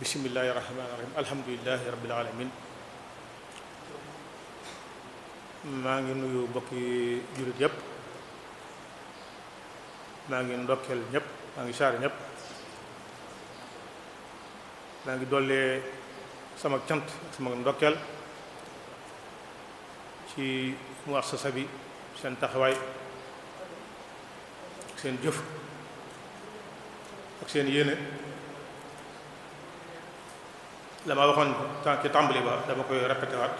bismillaahi rahmaani rahiim alhamdulillaahi rabbil aalamiin maa ngi nuyu bokki jullit yépp maa ngi ndokkeel ñépp maa ngi saar ñépp maa ngi dollee sama cant ak sama ndokkeel ci muassasa bi seen taxawaay seen jëf ak seen yéene la waxoon ci tàmbali ba dama koy répété waat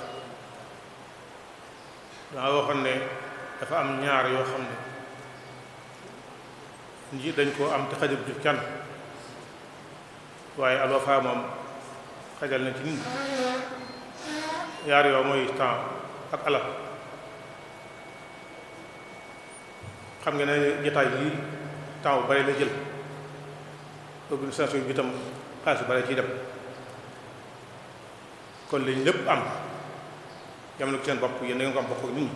dama waxoon ne dafa am ñaar yoo xam ne nji dañ koo am te xajab ju kenn waaye alwafa moom xajal na ci nit ñaar yoo mooy temps ak alal xam nga ne jotaay yi temps bari la jël organisation bi itam xaalis bu bari ciy dem kon lañ lépp am yam na ko seen bopp yéen da ngeen ko am bokk ak nit ñi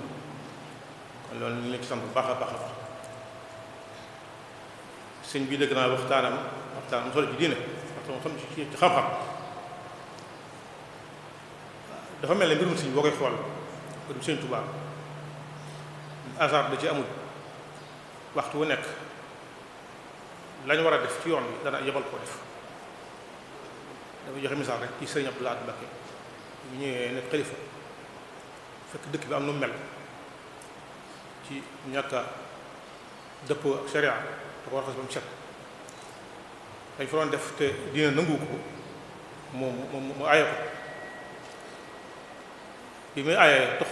kon loolu ñu ci sant bu baax a baax a baax sëñ bii dëgg naa waxtaanam waxtaanam solo ci diine waxtaan sam ci ci xam dafa mel ne mbirum boo koy xool mbirum sëñ Tuubaa hasard da ci amul waxtu wu nekk lañ war a def ci yoon bi danaa yebal koo def dafa joxe misaal rek ci sëñ Abdoulaye Mbacke bu ñëwee nekk xalifa fekk dëkk bi am nu mel ci ñàkk a dëppoo ak sharia da ko war a xas ba mu set dañ fa doon def te dina nangu ko moom mu aaye ko bi muy aaye tux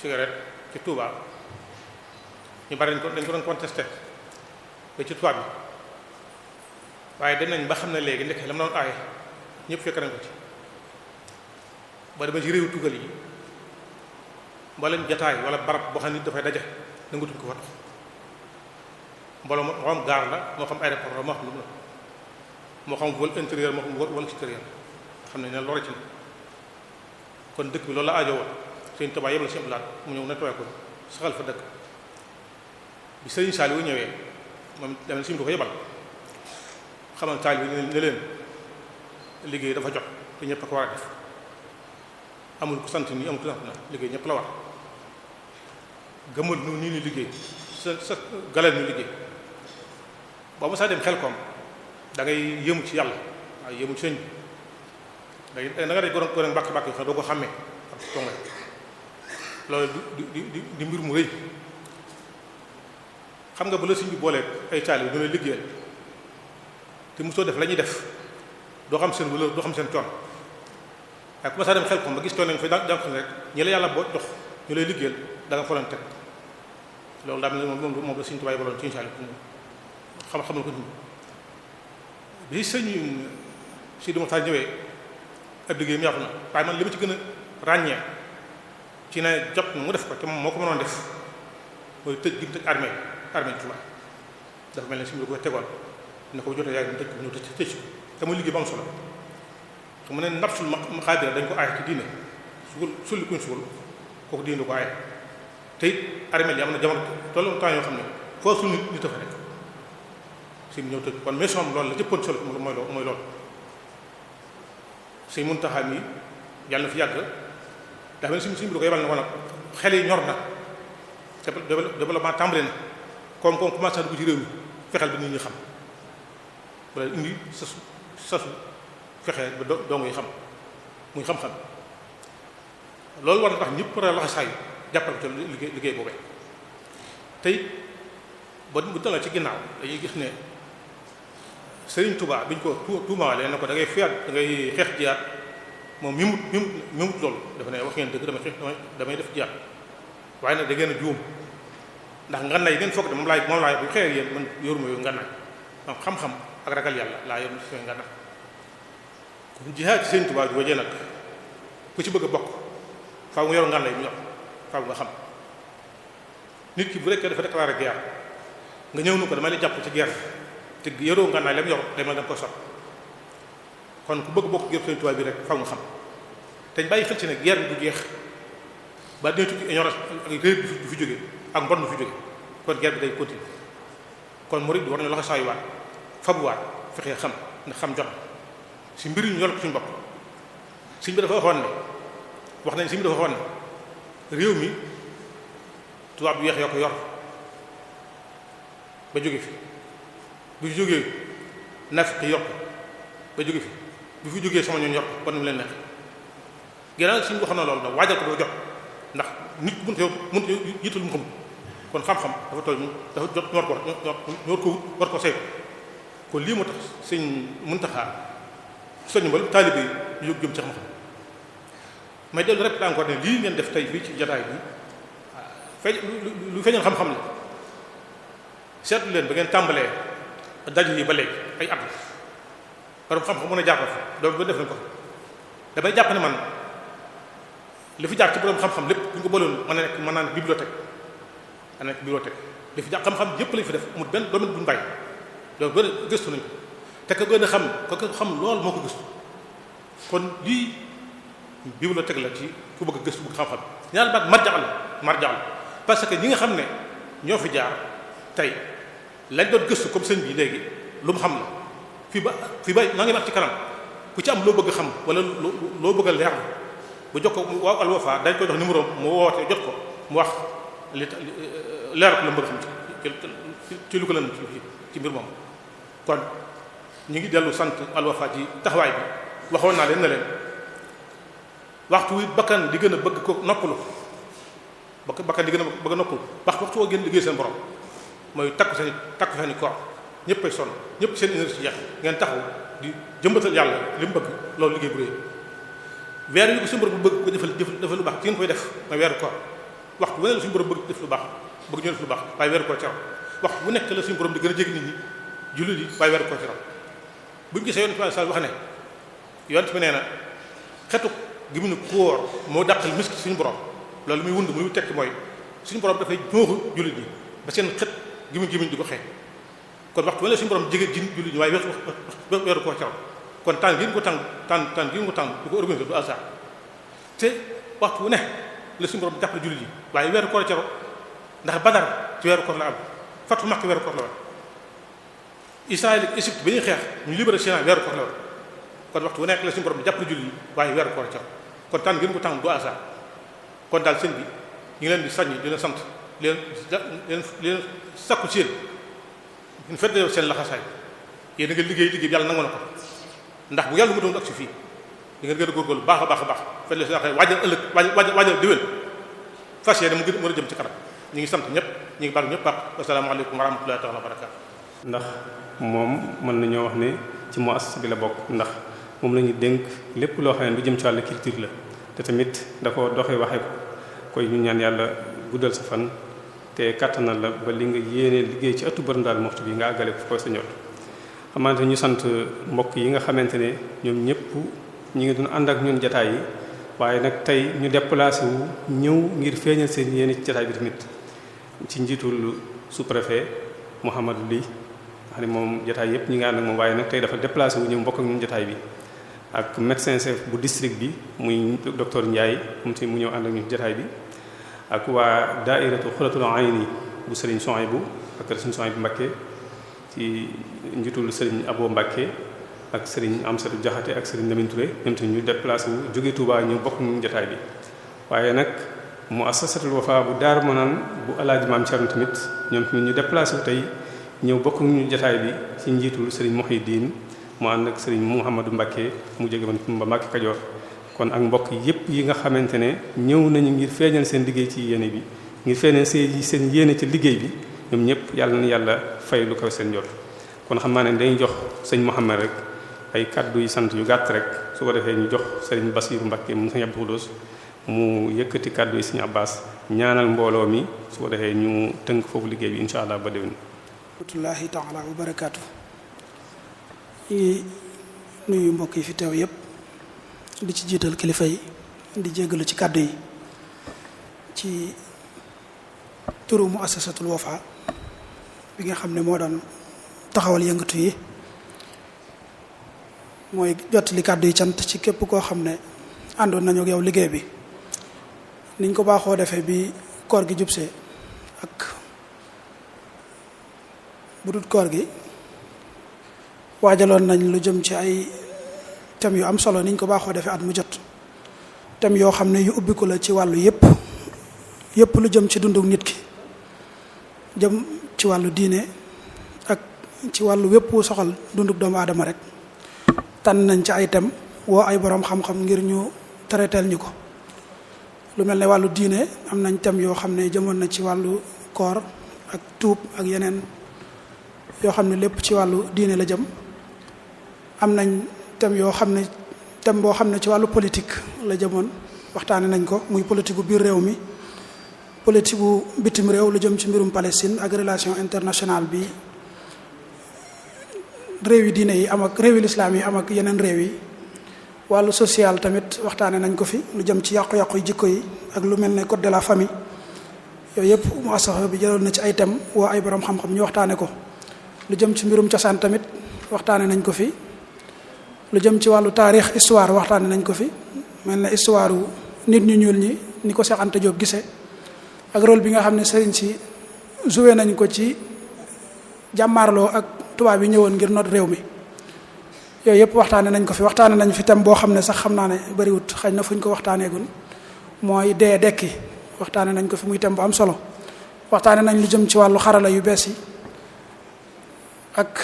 cigarette ci Touba ñu bari dañ ko dañ ko doon contesté ba ci tubaab bi waaye dem nañ ba xam ne léegi ndekk la mu doon aaye ñëpp fekk nañ ko ci ba demee ci réew tugal yi mboolem jataay wala barab boo xam ne nit dafay daje nangatuñ ko fa dox mboolem moo xam gaar la moo xam aéroport la moo xam lu mu xam vol intérieur moo ne ne ci na kon dëkk bi loolu la aajo woon sëñ Tuubaa yëpp la si mu ñëw na tooy ko saxal fa dëkk bi sëriñ Saaliw ñëwee moom dem na si ko yebal xamal Saaliw ne leen liggéey dafa jot te ñëpp a ko war a def amul ku sant nii amul ku na liggéey ñëpp la war gëmul nu nii ñu liggéey sa sa galal ñu liggéey boo ma saa dem xel koom dangay ngay yëmu ci yàlla waaye yëmu ci sëñ bi da nga dee gone gone mbàkki mbàkki xam ko xàmmee ak tonga mbir mu rëy nga ba la sëñ bi boolee ay taali bi ñu lay liggéeyal te mosoo def la ñuy def doo xam seen wala doo xam seen coon waaye ku ma saa dem xel ko ma gis tool lañ fa jànku rek ñi la yàlla boo jox ñu lay liggéeyal da nga fa teg loolu daa mel ni moom moom la suñu tubaab ko nit ñi bi sëñ si duma li ma ci gën a ràññee ci ne jot na mu def ko te moom moo ko mënoon def mooy tëj gi mu tëj armée armée Tuubaa dafa mel ne suñu la ko tegoon ne ko jotee yaay mu tëj ko te muy liggéey bu am solo su mu ne nafsul maqaadira dañ ko aaye ci diine suul sulli kuñ suul kooku diine du ko aaye te armeel yi am na jamono tollu temps yoo xam ne foo su nit ñi dafa rek si ñëw tëj kon mission am loolu la jëppoon solo mooy loolu mooy loolu si Muntaxa mi yàlla na fi yàgg daa mel si si bi ko yebal na ko nag xel yi ñor na développement tàmbali na comme comme commencé na dugg ci réew mi fexeel bi nit ñi xam wala indi sasu sasu fexe rek ba dong yi xam muy xam-xam loolu war na tax ñëpp war a laxasaayu jàppale ko liggéey liggéey boobee tey ba bu dalal ci ginnaaw dañuy gis ne Serigne Touba bi ñu ko tuumaalee ne ko da ngay fiyaat dangay ngay xeex jiyaat moom mi mut mi mut mi mut loolu dafa ne wax ngeen dëgg damay xeex damay def jiyaat waaye nag da ngeen a juum ndax ngan nay ngeen foog de moom laay moom laay bu xeer yéen man yoruma yooyu ngan xam-xam ak ragal yàlla laa yor suñu ngan ku jihaad ci Sëriñ Tuubaa ju wajee nag ku ci bëgg a bokk faw nga yor ngànnaay bu ñu am nga xam nit ki bu rekkee dafa déclaré guerre nga ñëw nu ko dama lay jàpp ci gert te yoroo ngànnaay lam yor demal danga ko sot kon ku bëgg bokk ngir Sëriñ Tuubaa bi rek faaw nga xam te ñu bàyyi xel ci ne guerre bi du jeex ba dina tukki ignorance ak réer du fi jóge ak mbon du fi jóge kon guerre bi day continuer kon murid war na loxo saayuwaat fabuwaat fexee xam ndax xam jot si mbir ñu ñor ko suñu bopp suñ bi dafa waxoon ne wax nañ suñ bi dafa waxoon ne réew mi tubaab bi weex yoo yor ba jóge fi bu fi jógee nafiq yor ko jógee sama ñoon yor ko kon mu leen neex ginnaaw suñu waxoon na loolu nag waajal ko doo jox ndax nit mënut yow mënut yitul mu xam kon xam-xam dafa toll dafa jot ñu war ko war ñu war ko war ko seet kon lii moo tax sëñ Muntaxa soññ mbal taalibe yi ñu jóg jëm ci xam-xam may dellu rek encore ne lii ngeen def tey fii ci jataay bi feeñ lu feeñal xam-xam la seetlu leen ba ngeen tàmbalee daj yi ba léegi ay at la mën a jàppal fa ba def ko damay jàpp ne man li fi jàpp xam-xam lépp bu ñu ko boloon mën na nekk ma naan nekk bibliothèque mën na nekk bibliothèque li fi jàpp xam-xam yépp lañ fi def mu benn domaine bu ñu bàyyi donc gëstu nañ te ka gën a xam ka ko xam lool moo ko gëstu kon lii bibliothèque la ci ku bëgg gëstu bëgg xam-xam ñaar baat marjax la parce que ñi nga xam ne ñoo fi jaar tey lañ doon gëstu comme sëñ bi léegi lu mu xam la fii ba fii ba maa ngi wax ci kanam ku ci am loo bëgg xam wala loo bëgg a leer bu jox ko waaw Al Wafa dañ koy jox numéro mu woote jot ko mu wax li leer ko la mu bëgg xam ci ci lu ko lan ci mbir moom kon ñu ngi dellu sant alwafa ci taxawaay bi waxoon naa leen na leen waxtu wi bakkan di gën a bëgg ko noppalu bakkan di gën a bëgg a noppalu waxtu waxtu woo gën liggéey seen borom mooy takku seen takku seen i ñëpp ay sonn ñëpp seen énergie jeex ngeen taxaw di jëmbatal yàlla li mu bëgg loolu liggéey bu rëy weer yi ko ko defal defal lu baax ci ngeen koy def mooy weeru wu ne la suñu borom bëgg lu baax bëgg ñu def baax waaye weeru koor ci raw waxtu bu nekk la suñu borom di gën a jég nit ñi jullit yi waaye weeru koor ci buñ gisee yonent bi sallallahu alayhi wasallam wax ne yonent bi nee na xetu gi mu ne koor moo dàqal misk suñu borom loolu muy wund muy tekki mooy suñu borom dafay ñooxu jullit ñi ba seen xet gi mu gémmiñ di ko kon waxtu wala suñu borom jege jin jullit ñi waaye weeru koor caram kon tànn gi mu ko tànn tànn tànn mu ko tànn du ko organisé du wu ne la suñu borom jàppale jullit ñi waaye weeru koor ndax badar ci weeru koor la am fatu makk weeru koor la woon Israël ak bi ba xeex ñu libéré Sinaa weeru koor la woon kon waxtu bu nekk la si borom bi jàpp na julli waaye weeru koor ca kon tànn gën ko tànn du asa kon daal seen bi ñu leen di saññ di leen sant leen leen leen sakku ci yéen ñu fedd yow seen laxasaay yéen da nga liggéey liggéey yàlla nangu ko ndax bu yàlla mu doo ak si fii di ngeen gën a góorgóorlu baax a baax a baax fedd yow seen laxasaay waajal ëllëg waajal waajal déwén mu gën a jëm ci kanam ñu ngi sant ñëpp ñu ngi baalu ñëpp baax wasalaamaaleykum wa rahmatullahi taala wa barakatu ndax moom mën nañoo wax ne ci muassasa bi la bokk ndax moom la dénk lépp loo xam ne lu jëm ci wàllu culture la te tamit da ko doxee waxee ko koy ñu ñaan yàlla guddal sa fan te kattanal la ba li nga yéene liggéey ci ëttu bërëm daal moxtu bi nga àggale ko sa ñor xamante ñu sant mbokk yi nga xamante ne ñoom ñëpp ñi ngi doon ànd ak ñun jataay yi waaye nag tey ñu déplacé wu ñëw ngir feeñal seen yéene ci jataay bi tamit ci njiitul sous-préfet Mouhamadou xam ne moom jotaay yëpp ñi nga ànd ak moom waaye nag tey dafa déplacé wu ñëw mbokk ak ñun jotaay bi ak médecin chef bu district bi muy docteur Ndiaye moom si mu ñëw ànd ak ñun jotaay bi ak waa daairatu xulatul ayni bu Serigne Souhaïbou ak Serigne Souhaïbou Mbacké ci Abo Mbacké ak Serigne Amsatou Diakhaté ak Serigne Lamine Touré ñoom tamit ñu déplacé wu jóge Touba ñëw bokk ñun jotaay bi waaye nag mu assasatul wafa bu Daaru Manaan bu Alaaji Maam Cerno tamit ñoom tamit ñu déplacé wu tey ñëw bokk ñu jataay bi ci njiitul Serigne Mouhidine mu ànd ak Serigne Mouhamadou Mbacké mu jóge woon Kumba Kajoor kon ak mbokk yépp yi nga xamante ne ñëw nañu ngir feeñal seen liggéey ci yéene bi ngir feeñal seen seen yéene ci liggéey bi ñoom ñëpp yàlla na yàlla fay lu kaw seen jot kon xam naa ne dañuy jox sëñ Mouhamed rek ay kaddu yu sant yu gàtt rek su ko defee ñu jox Serigne Bassirou Mbacké mu sëñ Abdou Khoudoss mu yëkkati kàddu yi sëñ Abbas ñaanal mbooloo mi su ko defee ñu tënk foofu liggéey bi incha allah ba déwén rahmatullahi taala wa barakaatu ñu ngi nuyu mbokk yi fi teew yépp di ci jiital kilifa yi di jégalu ci kàddu yi ci turu mu assasatul bi nga xam ne moo doon taxawal yëngatu yi mooy jottali kàddu yi cant ci képp koo xam ne àndoon nañu ak yow liggéey bi niñ ko baaxoo defee bi koor gi jubsee ak bu dul koor gi waajaloon nañ lu jëm ci ay thèmes yu am solo niñ ko baaxoo defee at mu jot thèmes yoo xam ne yu ubbiku la ci wàllu yépp yépp lu jëm ci dundu nit ki jëm ci wàllu diine ak ci wàllu wépp soxal dundu doomu aadama rek tànn nañ ci ay thèmes woo ay boroom xam-xam ngir ñu traiteel ñu ko lu mel ne wàllu diine am nañ thèmes yoo xam ne jëmoon na ci wàllu koor ak tuub ak yeneen yoo xam ne lépp ci wàllu diine la jëm am nañ thème yoo xam ne thème boo xam ne ci wàllu politique la jëmoon waxtaane nañ ko muy politique bu biir réew mi politique bu bitim réew lu jëm ci mbirum Palestine ak relation internationale bi réew yi diine yi am ak réewi lislaam yi am ak yeneen réew yi wàllu social tamit waxtaane nañ ko fi lu jëm ci yàqu-yàqu jikko yi ak lu mel ne code de la famille yooyu yëpp mu asafa bi jëloon na ci ay thème woo ay borom xam-xam ñu ko lu jëm ci mbirum cosaan tamit waxtaane nañ ko fi lu jëm ci wàllu taarix histoire waxtaane nañ ko fi mel na histoire wu nit ñu ñuul ñi ni ko Cheikh Anta Diop gisee ak rôle bi nga xam ne sëriñ si joué nañ ko ci jàmmaarloo ak tubaab yi ñëwoon ngir noot réew mi yooyu yëpp waxtaane nañ ko fi waxtaane nañ fi tam boo xam ne sax xam naa ne bariwut xëy na fu ñu ko waxtaaneegul mooy dee dekki waxtaane nañ ko fi muy tem bu am solo waxtaane nañ lu jëm ci wàllu xarala yu bees yi ak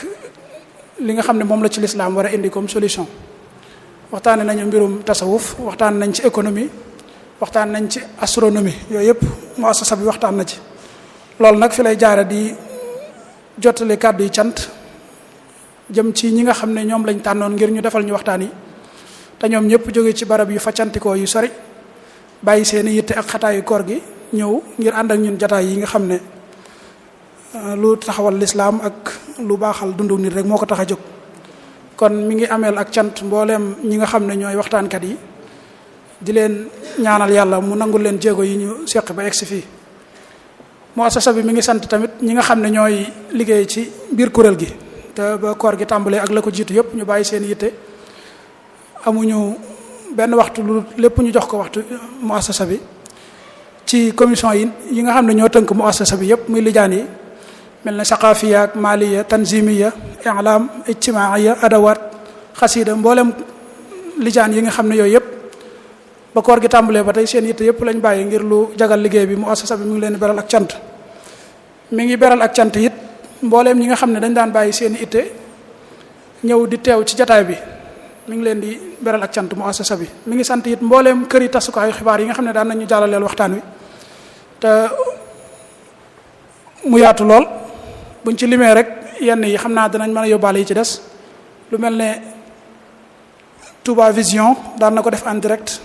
li nga xam ne moom la ci lislaam war a indi comme solution waxtaane nañu mbirum tasawuf waxtaan nañ ci économie waxtaan nañ ci astronomie yooyu yëpp mu asasa bi waxtaan na ci loolu nag fi lay jaare di jottali kàddu yi cant jëm ci ñi nga xam ne ñoom lañ tànnoon ngir ñu defal ñu waxtaan yi te ñoom ñëpp jóge ci barab yu facantikoo yu sori bàyyi seeni yitte ak xataayu koor gi ñëw ngir ànd ak ñun jataay yi nga xam ne lu taxawal lislaam ak lu baaxal dundu nit rek moo ko tax a jóg kon mi ngi ameel ak cant mbooleem ñi nga xam ne ñooy waxtaankat yi di leen ñaanal yàlla mu nangul leen jéego yi ñu seq ba egsi fii muassasa bi mi ngi sant tamit ñi nga xam ne ñooy liggéey ci biir kuréel gi te ba koor gi tàmbalee ak la ko jiitu yëpp ñu bàyyi seen yitte amuñu benn waxtu lu lépp ñu jox ko waxtu muassasa bi ci commission yi yi nga xam ne ñoo tënk muassasa bi yëpp muy lijaan yi mel na saqaafiya ak maliya tanzimiya i'lam ya adawaat xasida mboolem lijaan yi nga xam ne yooyu yëpp ba koor gi tàmbalee ba tey seen yitte yëpp lañ bàyyi ngir lu jagal liggéey bi mu assasa sabi mu ngi leen beral ak cant mi ngi beral ak cant it mbooleem ñi nga xam ne dañ daan bàyyi seen itte ñëw di teew ci jataay bi mi ngi leen di beral ak cant mu assasa bi mi ngi sant it mbooleem kër yi tasukaayu xibaar yi nga xam ne daan nañu jàllaleel waxtaan wi te mu yaatu lool buñ ci limee rek yenn yi xam naa danañ mën a yóbbaale yi ci des lu mel ne Touba Vision daan na ko def en direct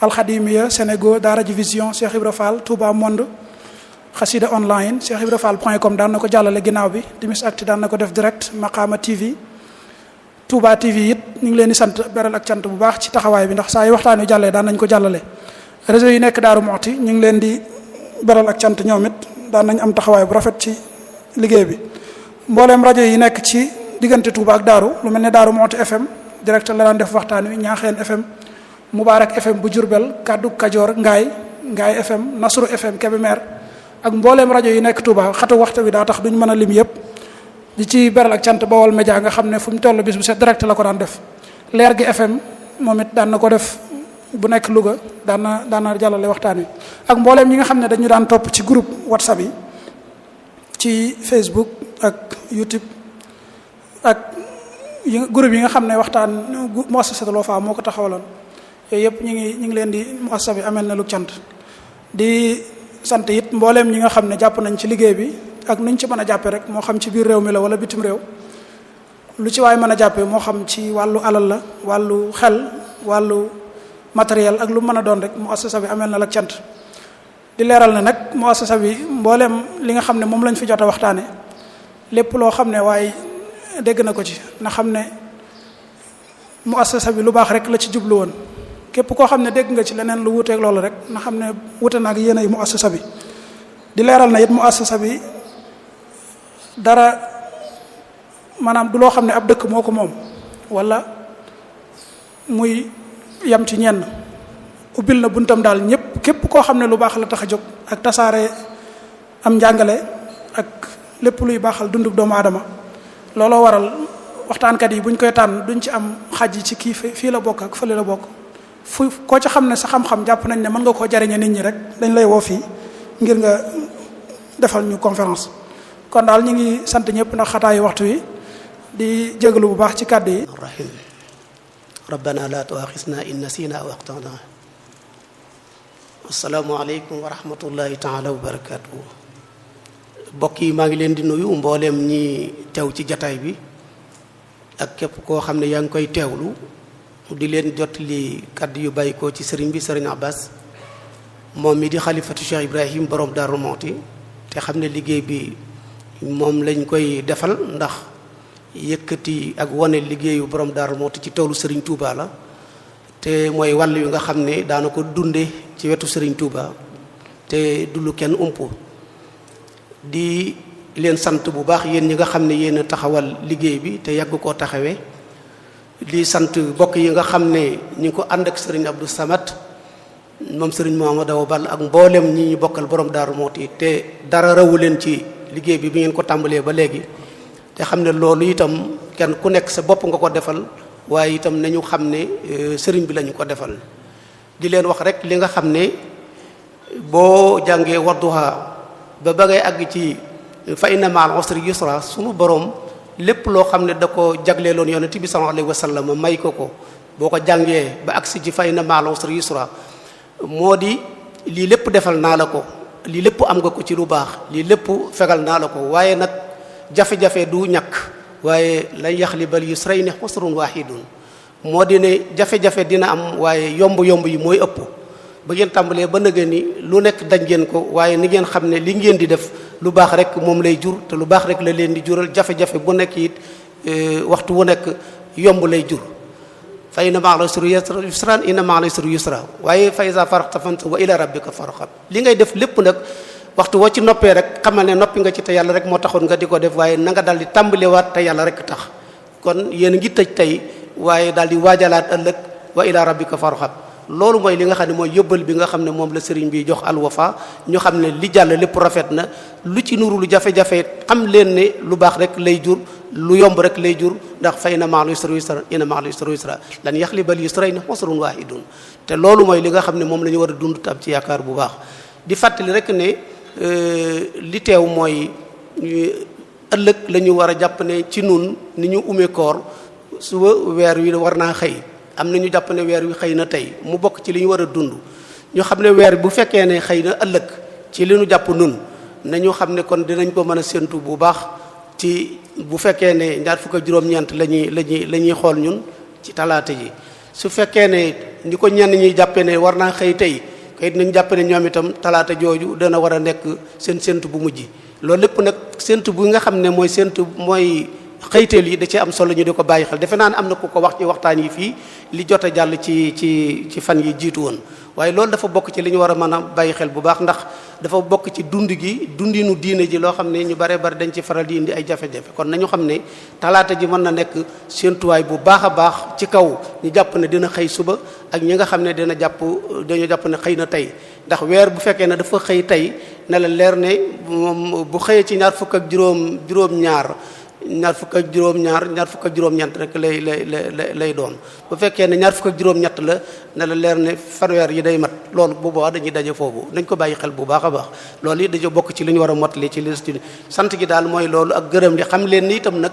alxadimia Sénégal daara ji vision Cheikh Ibra Fall Touba Monde xasida online Cheikh Ibra Fall point comme daan na ko jàllale ginnaaw bi Timis Actu daan na ko def direct Maqaama TV Touba TV it ñu ngi leen di sant beral ak cant bu baax ci taxawaay bi ndax saa yu waxtaan wi jàllee daan nañ ko jàllale réseau yi nekk Daaru Muxti ñu ngi leen di beral ak cant ñoom it daan nañ am taxawaay bu rafet ci liggéey bi mbooleem rajo yi nekk ci diggante Touba ak Daaru lu mel ne Daaru Mooti FM direct la daan def waxtaan wi Ñaaxeen FM Mubaarak FM bu Jurbel Kaddu Kajoor Ngaay Ngaay FM Nasru FM Kébémer ak mbooleem rajo yi nekk Touba xatu waxtu wi daa tax duñ mën a lim yépp di ci beral ak cant Bawol Média nga xam ne fu mu toll bis bu set direct la ko daan def leer gi FM moom it daan na ko def bu nekk Louga daan na daan na jàllale waxtaan wi ak mbooleem ñi nga xam ne dañu daan topp ci groupe WhatsApp yi ci Facebook ak YouTube ak groupe yi nga xam ne waxtaan muassasatul Wafa moo ko taxawaloon yooyu yëpp ñu ngi ñu ngi leen di muassasa bi amel na lu cant di sant it mbooleem ñi nga xam ne jàpp nañ ci liggéey bi ak nuñ ci mën a jàppe rek moo xam ci biir réew mi la wala bitim réew lu ci waay mën a jàppe moo xam ci wàllu alal la wàllu xel wàllu matériel ak lu mën a doon rek muassasa bi amel na la cant di leeral na nag muassasa bi mbooleem li nga xam ne moom lañ fi jot a waxtaane lépp loo xam ne waaye dégg na ko ci na xam ne muassasa bi lu baax rek la ci jublu woon képp koo xam ne dégg nga ci leneen lu wuuteeg loolu rek na xam ne wuute na ak yéen ay muassasa sabi di leeral na it muassasa bi dara maanaam du loo xam ne ab dëkk moo ko moom wala muy yam ci ñenn ubbil na buntam daal ñépp képp koo xam ne lu baax la tax a jóg ak tasaare am njàngale ak lépp luy baaxal dunduk doomu aadama looloo waral waxtaankat yi buñ koy tànn duñ ci am xaj yi ci kii fii la bokk ak fële la bokk fu koo ci xam ne sa xam-xam jàpp nañ ne mën nga koo jariñe nit ñi rek dañ lay woo fii ngir nga defal ñu conference kon daal ñu ngi sant ñëpp ndax xataayu waxtu yi di jégalu bu baax ci kàddu yi. rabbana la tuaxisna in nasina wa axtana asalaamualeykum wa rahmatullahi taala wa barakatuhu mbokk yi maa ngi leen di nuyu mbooleem ñi tew ci jataay bi ak képp koo xam ne yaa ngi koy teewlu di leen jot li kàdd yu bàyyikoo ci sëriñ bi sëriñ Abbas moom mi di xalifatu Cheikh Ibrahim boroom Darou Mouhty te xam ne liggéey bi moom lañ koy defal ndax yëkkati ak wane liggéeyu borom Darou Mouhty ci toolu sëriñ Touba la te mooy wàll yu nga xam ne daana ko dunde ci wetu sëriñ Touba te du kenn umpo di leen sant bu baax yéen ñi nga xam ne yéen taxawal liggéey bi te yàgg koo taxawee di sant mbokk yi nga xam ne ñu ngi ko ànd ak Serigne Abdou Samad moom Serigne ma daw Ball ak mboolem ñi ñu bokkal boroom borom Darou Moukhty te dara rawu leen ci liggéey bi bi ngeen ko tàmbalee ba léegi te xam ne loolu itam kenn ku nekk sa bopp nga ko defal waaye itam nañu xam ne euh, sëriñ bi lañu ko defal di leen wax rek li nga xam ne boo jàngee Wadduha ba ba ngay àgg ci fa inna ma'al usri yusra sunu borom lépp loo xam ne da ko loon jagleeloon yonent bi sallallahu alayhi wasallam may ko ko boo ko jàngee ba agsi ci fa inna ma'al usri yusra moo di lii lépp defal naa la ko lii lépp am nga ko ci lu baax lii lépp fegal naa la ko waaye nag jafe-jafe du ñakk waaye lan yaxlibal yusrayni xusrun wahidun moo di ne jafe-jafe dina am waaye yomb-yomb yi mooy ëpp ba ngeen tàmbalee ba nëgë ni lu nekk dañ ngeen ko waaye ni ngeen xam ne li ngeen di def lu baax rek moom lay jur te lu baax rek la leen di jural jafe-jafe bu nekk it eh, waxtu wu nekk yomb lay jur na fa inna ma'al usri yusran inna ma'al usri yusra waaye fa iza faragta fansab wa ila rabbika farghab li ngay def lépp nag waxtu woo ci noppee rek xamal ne noppi nga ci te yàlla rek moo taxoon nga di ko def waaye nanga nga dal te yàlla rek tax kon yéen waaye daal di waajalaat ëllëg wa ila rabbika farxab loolu mooy li nga xam ne mooy yóbbal bi nga xam ne moom la sëriñ bi jox Al Wafa ñu xam ne li jàll lépp rafet na lu ci nuru lu jafe-jafe xam leen ne lu baax rek lay jur lu yomb rek lay jur ndax fa inna ma'al yusri yusra inna ma'al yusri yusra lan yaxliba al yusrayni usrun waahidun te loolu mooy li nga xam ne moom lañu ñu war a dund tam ci yaakaar bu baax di fàttali rek ne euh, li teew mooy ëllëg lañu ñu war a jàpp ne ci nun ni ñu umee koor suba weer wi war naa xëy am na ñu jàpp weer wi xëy na tey mu bokk ci li ñu war a dund ñu xam ne weer bu fekkee ne xëy na ëllëg ci li ñu jàpp nun nañu xam ne kon dinañ ko mën a séntu bu baax ci bu fekkee ne ñaar fukk la ñuy la ñuy la ñuy xool ñun ci talaata ji su fekkee ne ni ko ñenn ñuy jàppe ne war naa xëy tey kayit nañ jàpp ne ñoom itam talaata jooju dana war a nekk seen séntu bu mujj loolu lépp nag séntu bu nga xam ne mooy séntu mooy xëyteel yi da cee am solo ñu di ko bàyyi xel defe naa ne am na ku ko wax ci waxtaan yi fii li jot a jàll ci ci ci fan yi jiitu woon waaye loolu dafa bokk ci li ñu war a mën a bàyyi xel bu baax ndax dafa bokk ci dund gi dundinu diine ji loo xam ne ñu bare bari dañ ci faral di indi ay jafe-jafe kon nañu xam ne talaata ji mën na nekk séentuwaay bu baax a baax ci kaw ñu jàpp ne dina xëy suba ak ñi nga xam ne dina jàpp dañu jàpp ne xëy na tey ndax weer bu fekkee ne dafa xëy tey ne leer ne bu xëyee ci ñaar fukk ak juróom juróom ñaar fukk ak juróom-ñaar ñaar fukk ak juróom-ñett rek lay lay lay doon bu fekkee ne ñaar fukk ak juróom-ñett la ne la leer ne fanweer yi day mat loolu bu boobaa dañuy daje foofu dañ ko bàyyi xel bu baax a baax loolu yi dañoo bokk ci li ñu war a mottali ci liste sant gi daal mooy loolu ak gërëm li xam leen ni itam nag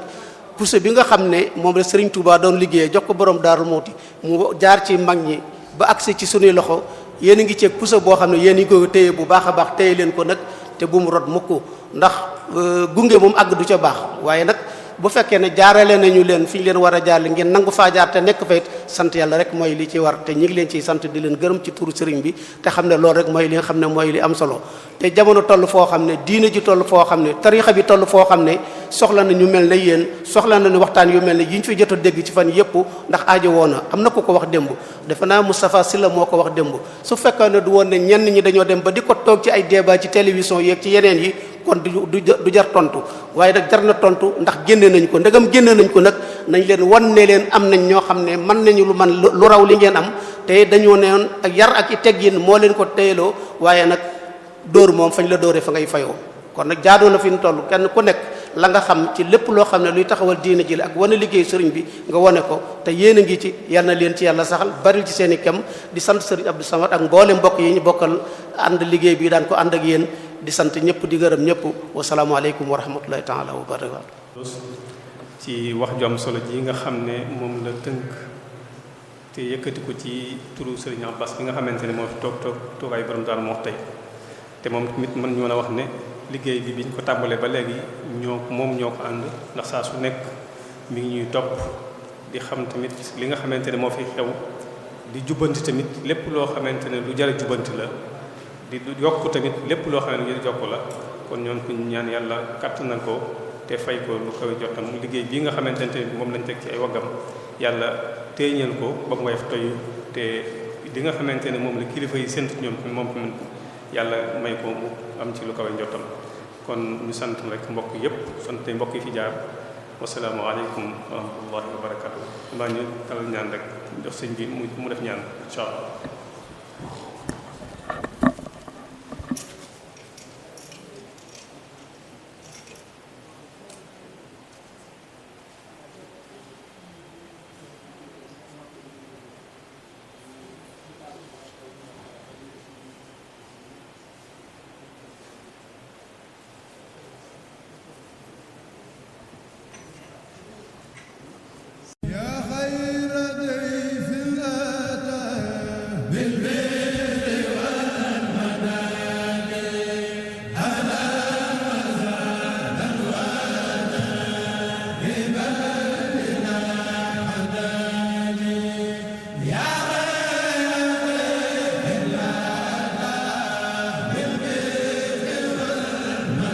pousse bi nga xam ne moom la Serigne Touba doon liggéeyee jox ko borom moo ti mu jaar ci mag ñi ba agsi ci sunuy loxo yéen a ngi ceeg pousse boo xam ne yéen a ngi ko téye bu baa a baax téye leen ko nag te bu mu rot mukk ndax Euh, gunge moom àgg du ca baax waaye nag bu fekkee ne jaarale nañu leen fi ñu leen war a jaarale ngeen nangu faa jaar te nekk fa it sant yàlla rek mooy li ci war te ñi ngi leen ciy sant di leen gërëm ci turu sëriñ bi te xam ne loolu rek mooy li nga xam ne mooy li am solo te jamono toll foo xam ne diine ji toll foo xam ne tarixa bi toll foo xam ne soxla na ñu mel ne yéen soxla na ñu waxtaan yu mel ne yi ñu fi jot a dégg ci fan yépp ndax aajo woo a am na ku ko wax démb defe naa Moustapha Sylla moo ko wax démb su fekkee ne du woon ne ñenn ñi dañoo dem ba di toog ci ay débat ci télévision yeeg ci yeneen yi kon du du jar tontu waaye nag jar na tontu ndax génne nañ ko ndegam génne nañ ko nag nañ leen wan ne leen am nañ ñoo xam ne mën nañu lu man lu raw li ngeen am te dañoo neewoon ak yar ak i teg teggin moo leen ko teeloo waaye nag dóor moom fañ la dóoree fa ngay fayoo kon nag jaadoo na fi ñu toll kenn ku nekk la nga xam ci lépp loo xam ne luy taxawal diina ji la ak liggéey sëriñ bi nga wane ko te yéen a ngi ci yal na leen ci yàlla saxal baril ci seen i kem di sant sëriñ Abdou Samad ak mboole mbokk yi ñu bokkal ànd liggéey bi daan ko ànd ak yéen di sant ñëpp di gërëm ñëpp wasalaamaaleykum wa rahmatullahi taala wa ci wax ju solo ji nga xam ne moom la tënk te yëkkati ko ci turu Serigne Abbas bi nga xamante ne moo fi toog toog toogaayu borom daal moo tey te moom tamit mën ñoo la wax ne liggéey bi biñ ko tàmbalee ba léegi ñoo moom ñoo ko ànd ndax saa su nekk mi ngi ñuy topp di xam tamit li nga xamante ne moo fi xew di jubbanti tamit lépp loo xamante ne lu jar a jubbanti la di yokk tamit lépp loo xam ne ngir jokk la kon ko ku ñaan yàlla kattanal ko te fay ko lu koy jotam liggéey bii nga xamante ne moom lañ teg ci ay waggam yàlla téeñal ko ba mu woyof te li nga xamante ne moom la kilifa yi séntu ñoom moom tamit yàlla may ko mu am ci lu koy jotam kon ñu sant rek mbokk yépp sant mbokk yi fi jaar wasalaamu aleykum wa rahmatullahi wa barakatu maa ñaan rek jox sëñ bi mu def ñaan incha